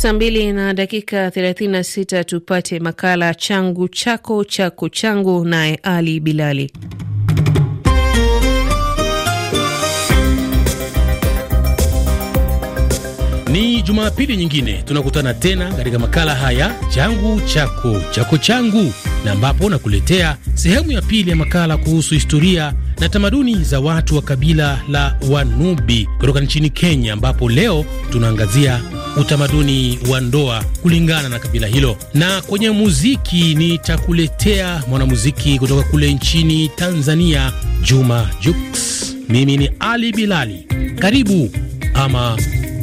Saa mbili na dakika 36, tupate makala changu chako chako changu, naye Ali Bilali. Ni Jumapili nyingine tunakutana tena katika makala haya changu chako chako changu, na ambapo nakuletea sehemu ya pili ya makala kuhusu historia na tamaduni za watu wa kabila la Wanubi kutoka nchini Kenya, ambapo leo tunaangazia utamaduni wa ndoa kulingana na kabila hilo. Na kwenye muziki nitakuletea mwanamuziki kutoka kule nchini Tanzania, Juma Jux. Mimi ni Ali Bilali, karibu ama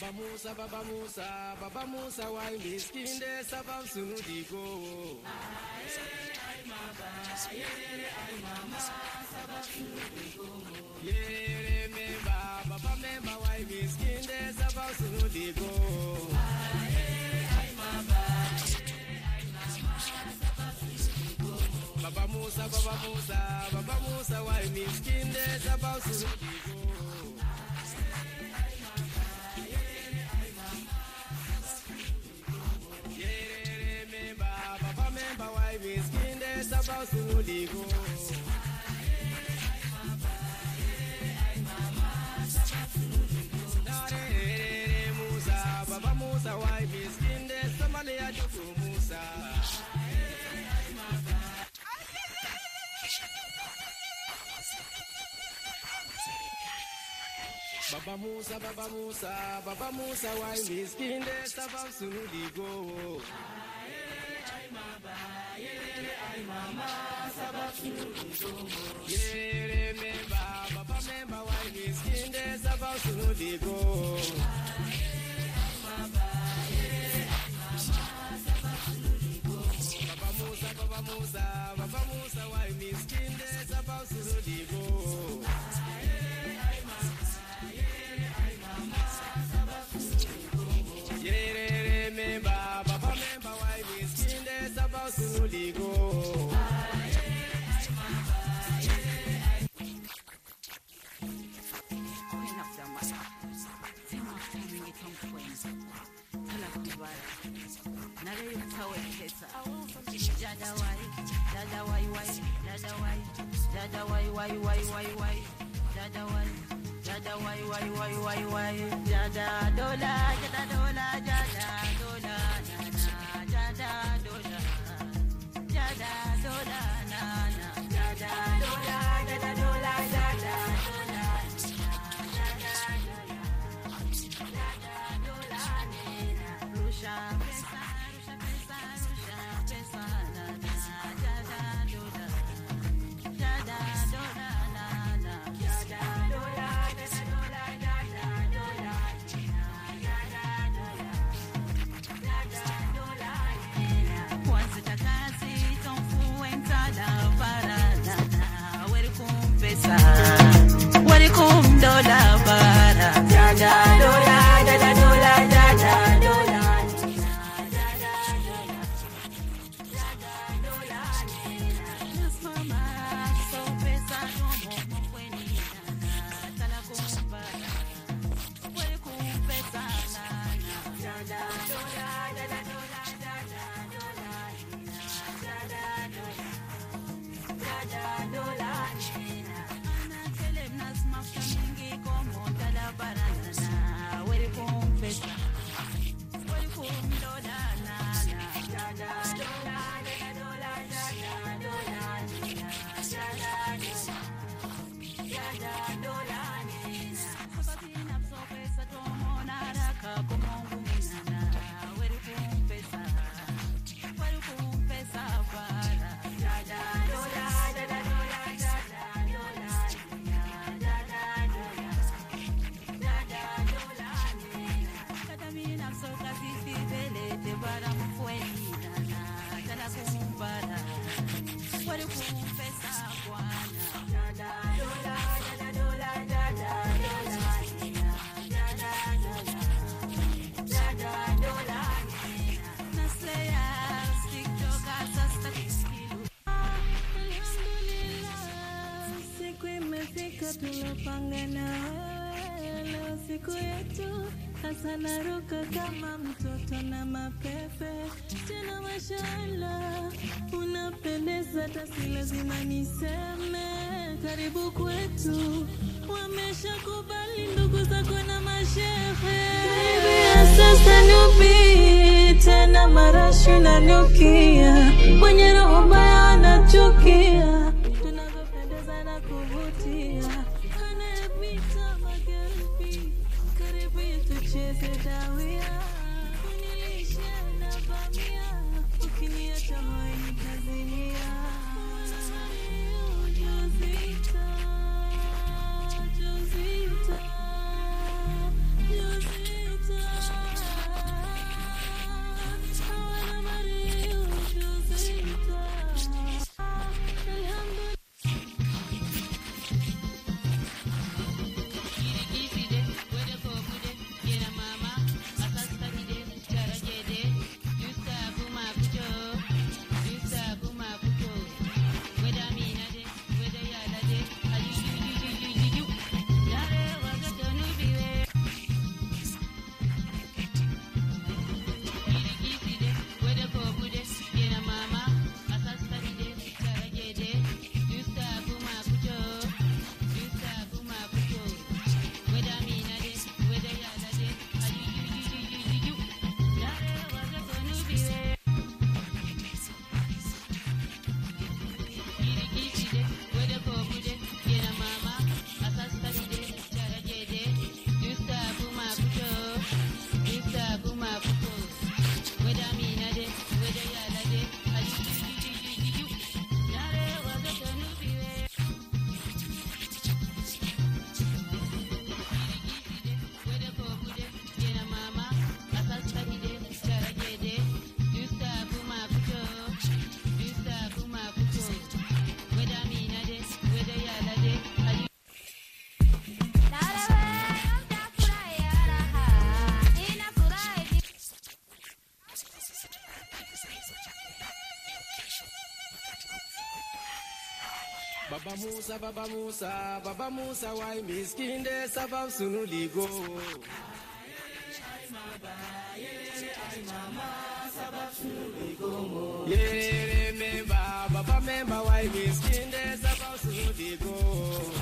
Baba Musa, Baba Musa, Baba Musa, why miskin de sabam sunudi go. Yeah, remember, Baba member, why miskin de sabam sunudi go. Baba Musa, Baba Musa, Baba Musa, why miskin de sabam sunudi go. precious Holy Ghost. Baba Musa, why miskin the Somalia to Musa? Baba Musa, Baba Musa, Baba Musa, why miskin the Sabah Sunuli go? Yeah, remember, Papa, remember why his skin is about to go. Musa, Papa Musa, Dada why, dada why why, dada why, dada why why why why why, dada why, dada why why why why why, dada dola, dada dola, dada dola, dada dola, dada dola. toda paz. tumepanga na leo siku yetu hasa naruka kama mtoto na mapepe tena, mashallah unapendeza, tasi lazima niseme karibu kwetu, wamesha kubali ndugu zako na mashehe. Sasa nubi tena, marashi unanukia, kwenye roho mbaya anachukia Musa, Baba Musa, Baba Musa, why miskin de sabab sunuligo. Yeah, remember, Baba, remember why miskin de sabab sunuligo.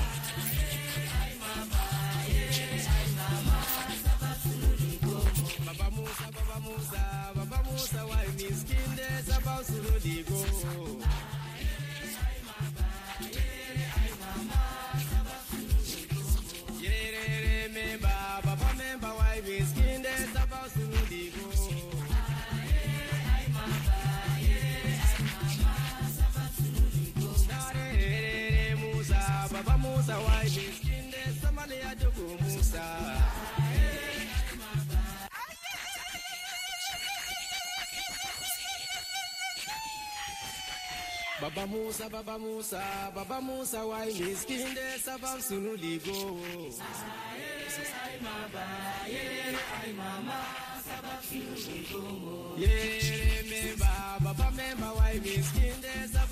Baba Musa, Baba Musa, Baba Musa, why miskinde sabam sunuligo. Ay mama, ay mama, sabam sunuligo. Yeah, member, Baba member, why miskinde sabam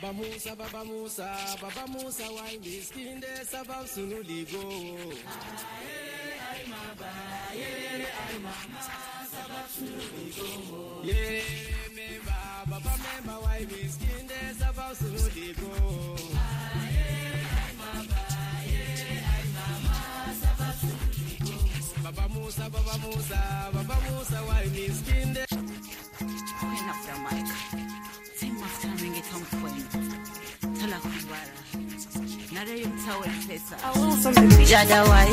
Baba Musa, Baba Musa, Baba Musa, why skin de go? Aye, aye, aima ba, aye, aima ma, sabab sunuligo. Yere me ba, Baba me ba, why skin de sabab aye, Ayere aima ba, ayere aima ma, sabab go. Baba Musa, Baba Musa, Baba Musa, why skin de. Enough, your mic. Jada why,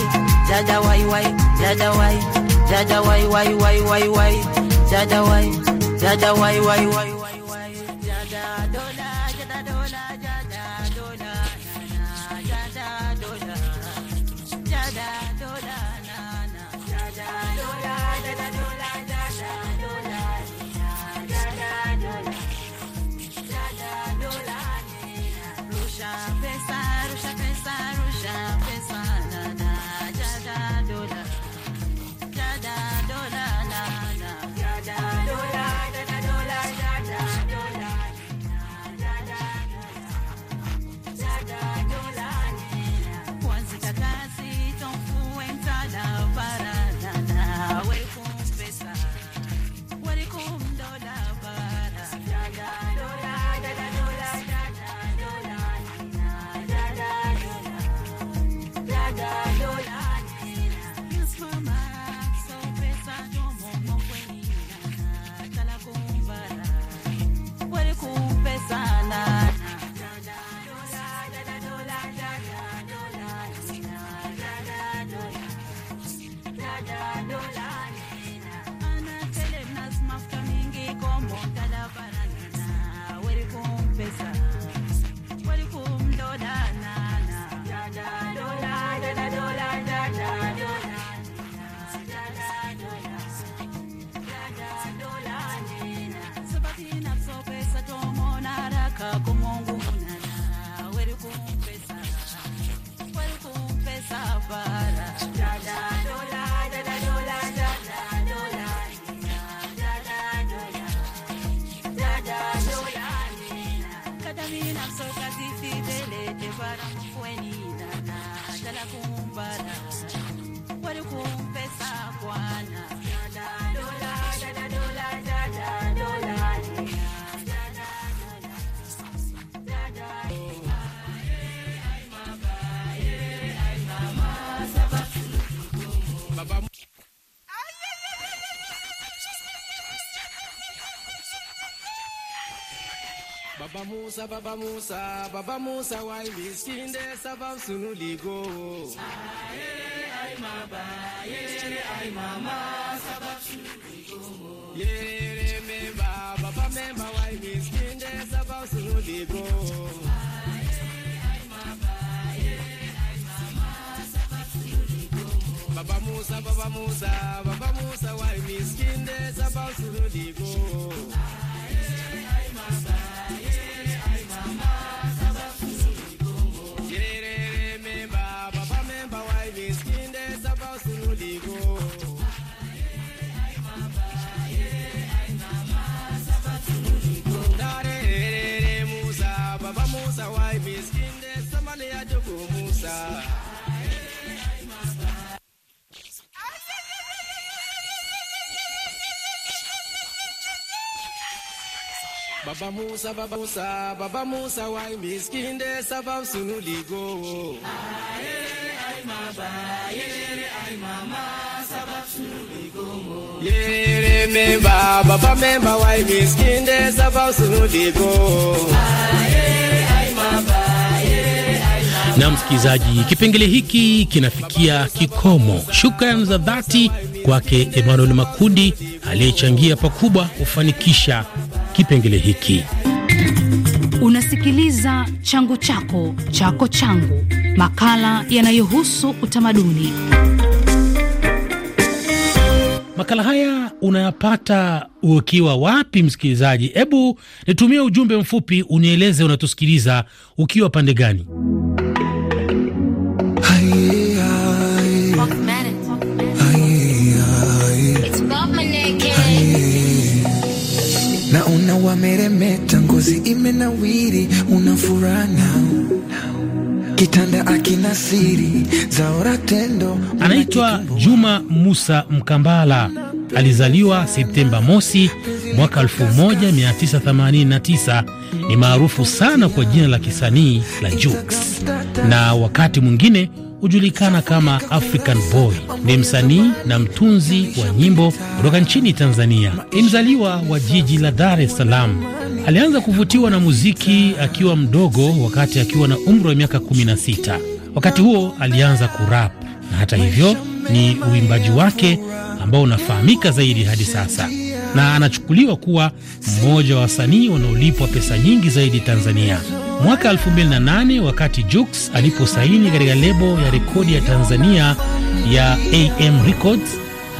jada why why, jada why, jada why wai why wai wai, jada why, jada why why why wai. die. Baba Musa, Baba Musa, Baba Musa, why miskin de sabam sunuligo. Aye, ay maba, yere ay mama, sabam sunuligo. Yere memba, Baba memba, why miskin de sabam sunuligo. Baba Musa, Baba Musa, Baba Musa, why miskin de sabam sunuligo. Aye, wale ya dogo Musa. Baba Musa, Baba Musa, Baba Musa, why miskin de sabab sunuligo? Yere memba, Baba memba, why miskin de sabab sunuligo? Ayere, Na msikilizaji, kipengele hiki kinafikia kikomo. Shukran za dhati kwake Emmanuel Makundi aliyechangia pakubwa kufanikisha kipengele hiki. Unasikiliza changu chako chako changu, makala yanayohusu utamaduni. Makala haya unayapata ukiwa wapi msikilizaji? Hebu nitumie ujumbe mfupi unieleze unatusikiliza ukiwa pande gani? na wameremeta, ngozi imenawiri, una furaha kitanda akina siri zaora tendo. Anaitwa Juma Musa Mkambala, alizaliwa Septemba mosi mwaka 1989. Ni maarufu sana kwa jina la kisanii la Jux na wakati mwingine hujulikana kama African Boy. Ni msanii na mtunzi wa nyimbo kutoka nchini Tanzania. Ni mzaliwa wa jiji la Dar es Salaam. Alianza kuvutiwa na muziki akiwa mdogo, wakati akiwa na umri wa miaka 16. Wakati huo alianza kurap, na hata hivyo ni uimbaji wake ambao unafahamika zaidi hadi sasa na anachukuliwa kuwa mmoja wa wasanii wanaolipwa pesa nyingi zaidi Tanzania mwaka 2008 wakati Jux aliposaini katika lebo ya rekodi ya Tanzania ya AM Records,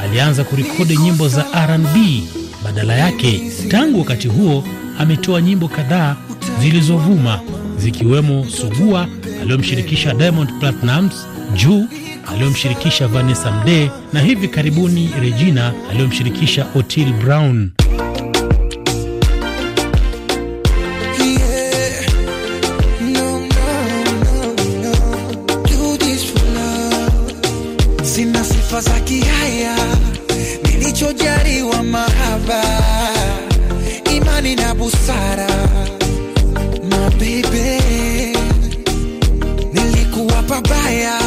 alianza kurekodi nyimbo za R&B badala yake. Tangu wakati huo ametoa nyimbo kadhaa zilizovuma zikiwemo Sugua aliyomshirikisha Diamond Platnumz, Juu aliyomshirikisha Vanessa Mdee na hivi karibuni Regina aliyomshirikisha Otile Brown. mahaba, imani na busara. baby, nilikuwa pabaya,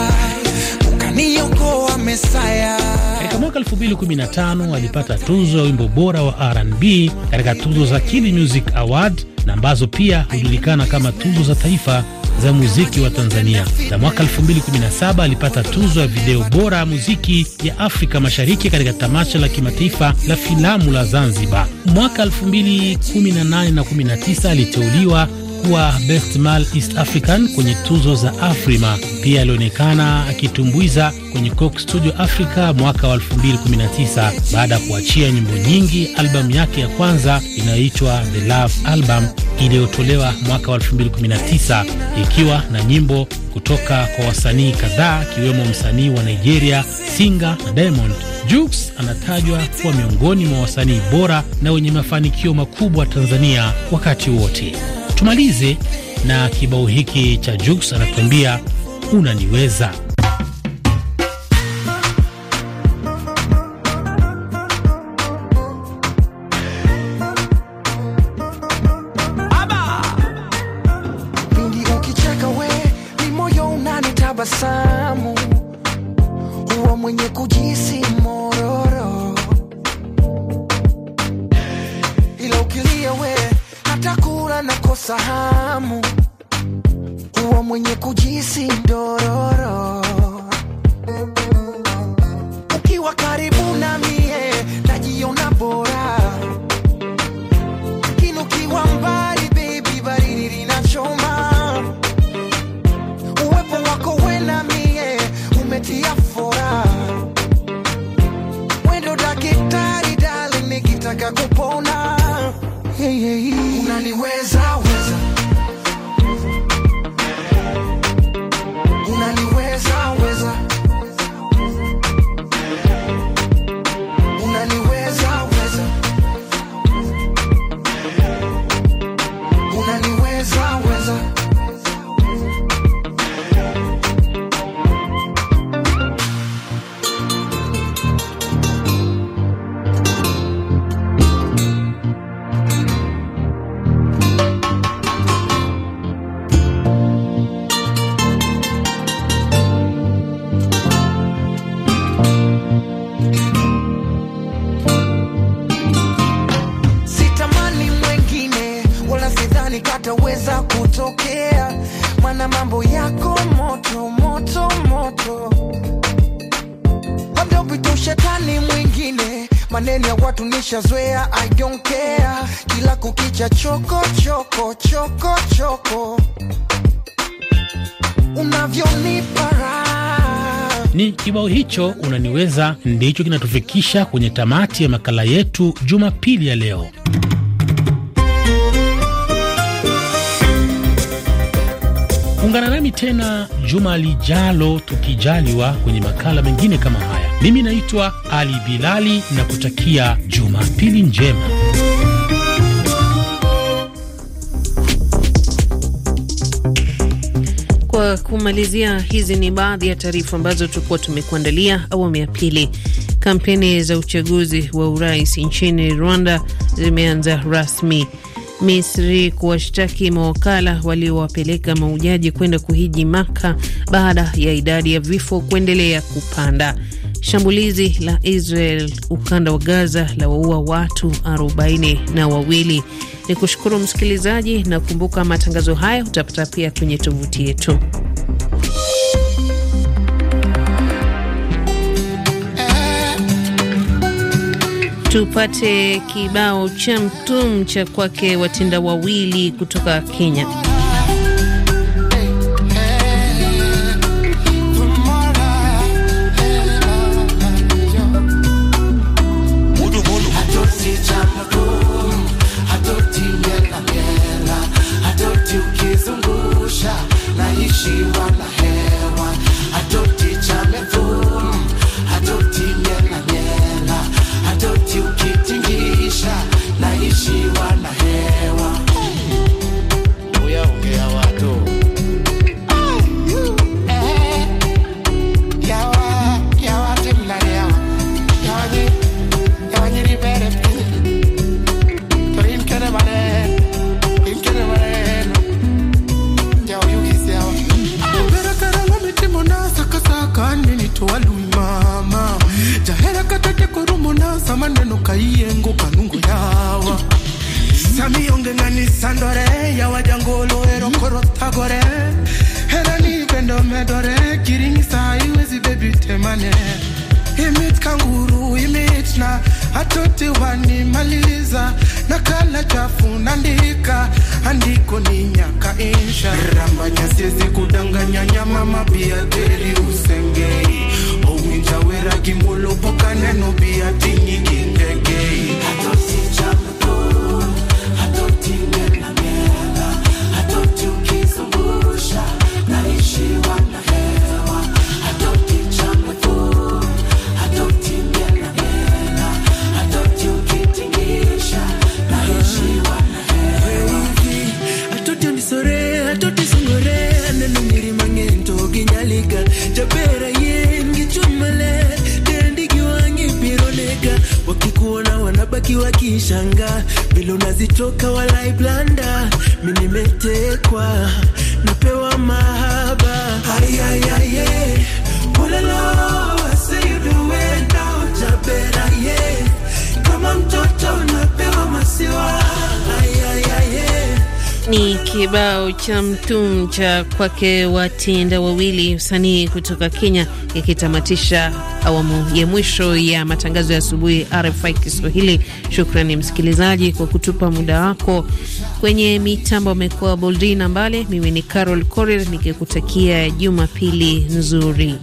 ukaniokoa Mesaya. Katika mwaka 2015 alipata tuzo ya wimbo bora wa R&B katika tuzo za Kili Music Award na ambazo pia hujulikana kama tuzo za taifa za muziki wa Tanzania na mwaka 2017 alipata tuzo ya video bora ya muziki ya Afrika Mashariki katika tamasha la kimataifa la filamu la Zanzibar. Mwaka 2018 na 19 aliteuliwa kuwa Best Male East African kwenye tuzo za Afrima. Pia alionekana akitumbuiza kwenye Coke Studio Africa mwaka wa 2019 baada ya kuachia nyimbo nyingi. Albamu yake ya kwanza inayoitwa The Love Album iliyotolewa mwaka wa 2019 ikiwa na nyimbo kutoka kwa wasanii kadhaa akiwemo msanii wa Nigeria Singa na Diamond. Jux anatajwa kuwa miongoni mwa wasanii bora na wenye mafanikio makubwa Tanzania wakati wote. Tumalize na kibao hiki cha Jux anatuambia unaniweza. nishazoea, I don't care, kila kukicha choko choko choko choko, unavyonipa ni kibao hicho unaniweza ndicho kinatufikisha kwenye tamati ya makala yetu Jumapili ya leo. Ungana nami tena juma lijalo, tukijaliwa, kwenye makala mengine kama haya. Mimi naitwa Ali Bilali na kutakia jumapili njema. Kwa kumalizia, hizi ni baadhi ya taarifa ambazo tulikuwa tumekuandalia awamu ya pili. Kampeni za uchaguzi wa urais nchini Rwanda zimeanza rasmi. Misri kuwashtaki mawakala waliowapeleka maujaji kwenda kuhiji Maka baada ya idadi ya vifo kuendelea kupanda. Shambulizi la Israel ukanda wa Gaza la waua watu arobaini na wawili. Ni kushukuru msikilizaji, na kumbuka matangazo haya utapata pia kwenye tovuti yetu. tupate kibao cha mtum cha kwake watenda wawili kutoka Kenya. I'ma be a dick. kibao cha mtum cha kwake watenda wawili, msanii kutoka Kenya, ikitamatisha awamu ya mwisho ya matangazo ya asubuhi RFI Kiswahili. Shukrani msikilizaji kwa kutupa muda wako. Kwenye mitambo amekuwa Boldina Mbale, mimi ni Carol Korir nikikutakia Jumapili nzuri.